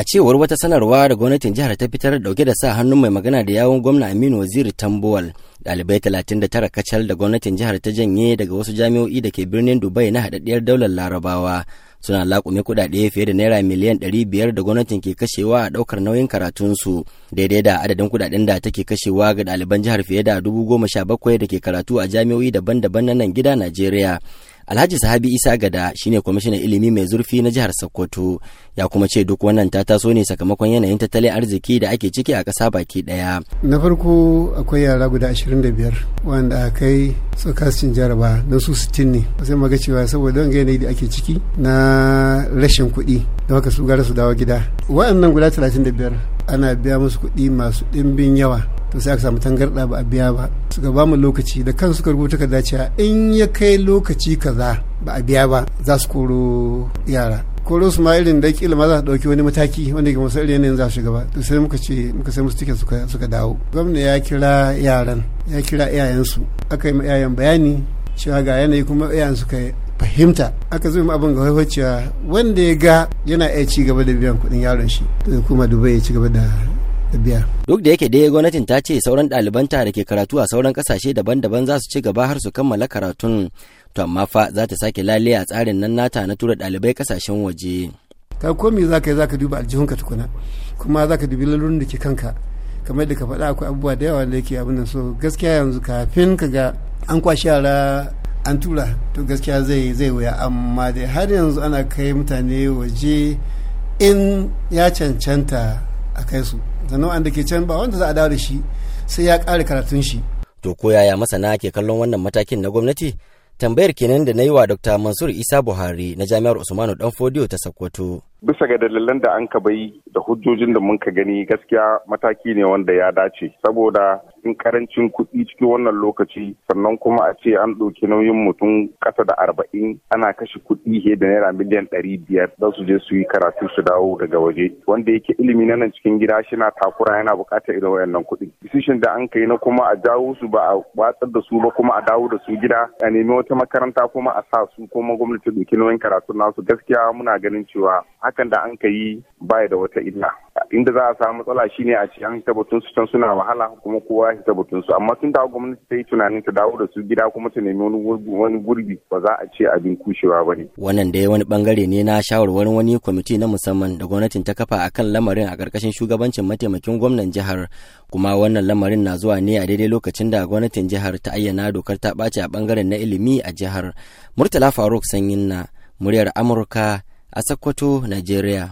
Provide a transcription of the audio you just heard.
A cewar wata sanarwa da gwamnatin jihar ta fitar dauke da sa hannun mai magana da yawun gwamna Aminu Waziri Tambuwal, ɗalibai tara kacal da gwamnatin jihar ta janye daga wasu jami'o'i da ke birnin Dubai na haɗaɗɗiyar daular Larabawa suna laƙume kuɗaɗe fiye da naira miliyan ɗari biyar da gwamnatin ke kashewa a ɗaukar nauyin karatunsu, daidai da adadin kuɗaɗen da take kashewa ga ɗaliban jihar fiye da 17,000 da ke karatu a jami'o'i daban-daban na nan gida Najeriya. Alhaji Sahabi Isa Gada shine kwamishinan ilimi mai zurfi na jihar Sokoto ya kuma ce duk wannan ta taso ne sakamakon yanayin tattalin arziki da ake ciki a ƙasa baki ɗaya. Na farko akwai yara guda 25 wanda aka kai tsakasin jaraba na su 60 ne. Sai maga cewa saboda wanga yanayi da ake ciki na rashin kuɗi da haka su gara su dawo gida. Wa'annan guda 35 ana biya musu kuɗi masu ɗimbin yawa to sai aka samu tangarɗa ba a biya ba suka ba mu lokaci da kan suka rubuta ka cewa in ya kai lokaci kaza ba a biya ba za su koro yara koro su ma irin da kila ma za su ɗauki wani mataki wanda ke masu irin za su shiga ba to sai muka ce muka sai musu tike suka dawo gwamna ya kira yaran ya kira iyayensu aka yi ma iyayen bayani cewa ga yanayi kuma iyayen suka fahimta aka zo abin ga haihuwa wanda ya ga yana iya ci gaba da biyan kuɗin yaron shi kuma dubai ya ci gaba da biya. Duk da yake dai gwamnatin ta ce sauran ta da ke karatu a sauran ƙasashe daban-daban za su ci gaba har su kammala karatun. To amma fa za ta sake lale tsarin nan nata na tura ɗalibai ƙasashen waje. Ka me za ka yi za ka duba aljihunka tukuna kuma za ka dubi lalurin da ke kanka kamar da ka faɗa akwai abubuwa da yawa da yake abin nan so gaskiya yanzu kafin ka ga an kwashe yara an tura to gaskiya zai zai wuya amma dai har yanzu ana kai mutane waje in ya cancanta a kai su sannan wanda ke can ba wanda za a dawo da shi sai ya ƙara karatun shi to ko yaya masana ke kallon wannan matakin na gwamnati tambayar kenan da na yi wa dr mansur isa buhari na jami'ar usmanu danfodiyo ta sokoto bisa ga dalilan da an ka bai da hujjojin da mun ka gani gaskiya mataki ne wanda ya dace saboda in karancin kuɗi cikin wannan lokaci sannan kuma a ce an ɗauki nauyin mutum ƙasa da arba'in ana kashe kuɗi he da naira miliyan ɗari biyar don su je su yi karatu su dawo daga waje wanda yake ilimi na nan cikin gida shi na takura yana buƙatar irin wayannan kuɗi decision da an kai na kuma a jawo su ba a watsar da su ba kuma a dawo da su gida a nemi wata makaranta kuma a sa su kuma gwamnati ɗauki nauyin karatu nasu gaskiya muna ganin cewa hakan da an ka yi baya da wata illa inda za a samu matsala shine a ce an tabbatun su can suna wahala kuma kowa ya tabbatun su amma tun da gwamnati ta yi tunanin ta dawo da su gida kuma ta nemi wani gurbi ba za a ce abin kushewa ba ne. wannan dai wani bangare ne na shawarwarin wani kwamiti na musamman da gwamnatin ta kafa akan lamarin a ƙarƙashin shugabancin mataimakin gwamnan jihar kuma wannan lamarin na zuwa ne a daidai lokacin da gwamnatin jihar ta ayyana dokar ta ɓace a bangaren na ilimi a jihar murtala faruk sanyin na muryar amurka a Sokoto, Najeriya.